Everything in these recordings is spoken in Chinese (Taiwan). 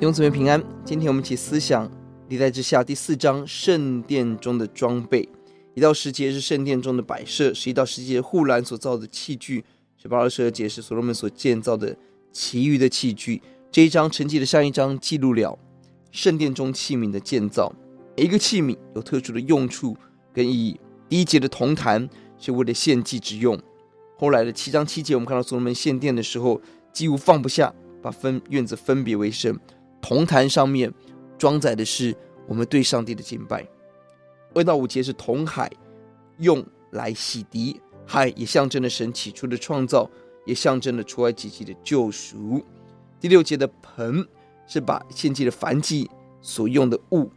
弟兄姊妹平安，今天我們一起思想《歷代志下》第四章聖殿中的裝備。一到十節是聖殿中的擺設，十一到十節戶蘭所造的器具，十八到二十二節是所羅門所建造的其餘的器具。這一章承接的上一章記錄了聖殿中器皿的建造，每一個器皿有特殊的用處跟意義。以第一節的銅壇是為了獻祭之用。後來的七章七節，我們看到所羅門獻殿的時候幾乎放不下，把分院子分別為聖。銅壇上面裝載的是我們對上帝的敬拜。二到五節是銅海，用來洗滌。海也象徵了神起初的創造，也象徵了出埃及記的救贖。第六節的盆是把獻祭的燔祭所用的物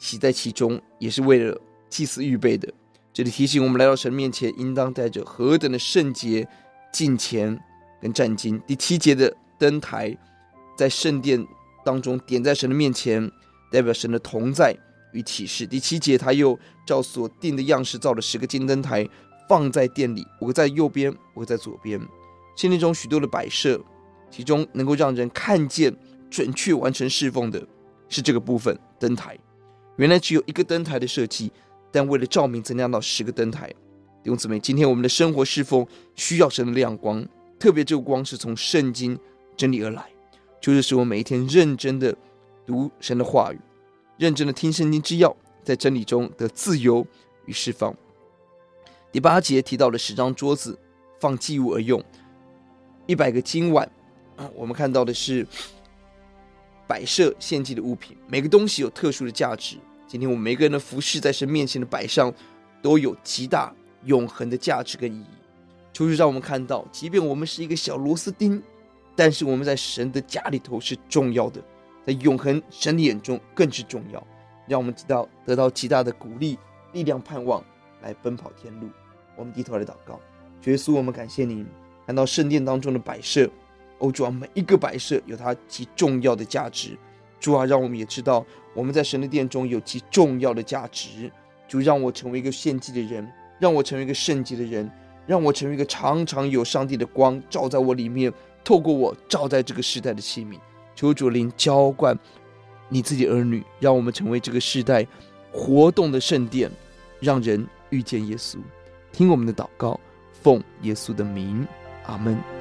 洗在其中，也是為了祭祀預備的。這裡提醒我們，來到神面前，應當帶着何等的聖潔敬虔跟戰兢。第七節的燈臺，在聖殿當中點在神的面前，代表神的同在與啟示。第七節，他又照所定的樣式造了十個金燈台，放在殿裡。五個在右邊，五個在左邊。聖殿中許多的擺設，其中能夠讓人看見準確完成侍奉的是這個部分。燈台原來只有一個燈台的設計，但為了照明，增加到十個燈台。弟兄姊妹，今天我們的生活侍奉需要神的亮光，特別這個光是從聖經真理而來。就是使我每一天認真的讀神的話語，認真的聽聖經之鑰，在真理中得自由與釋放。第八節提到的十張桌子放祭物而用，一百個金碗。我們看到的是擺設獻祭的物品，每個東西有特殊的價值。今天我們每個人的服事在神面前的擺上，都有極大永恆的價值跟意義。就是讓我們看到，即便我們是一個小螺絲釘。但是我們在神的家裡頭是重要的，在永恆神的眼中更是重要，讓我們知道得到極大的鼓勵、力量、盼望，來奔跑天路。我們低頭來禱告，耶穌，我們感謝您。看到聖殿當中的擺設，歐、哦、主啊，每一個擺設有它極重要的價值。主啊，讓我們也知道我們在神的殿中有極重要的價值。主，讓我成為一個獻祭的人，讓我成為一個聖潔的人，讓我成為一個常常有上帝的光照在我裡面。透過我照在這個時代的器皿，求主靈澆灌你自己兒女，讓我們成為這個時代活動的聖殿，讓人遇見耶穌。聽我們的禱告，奉耶穌的名，阿門。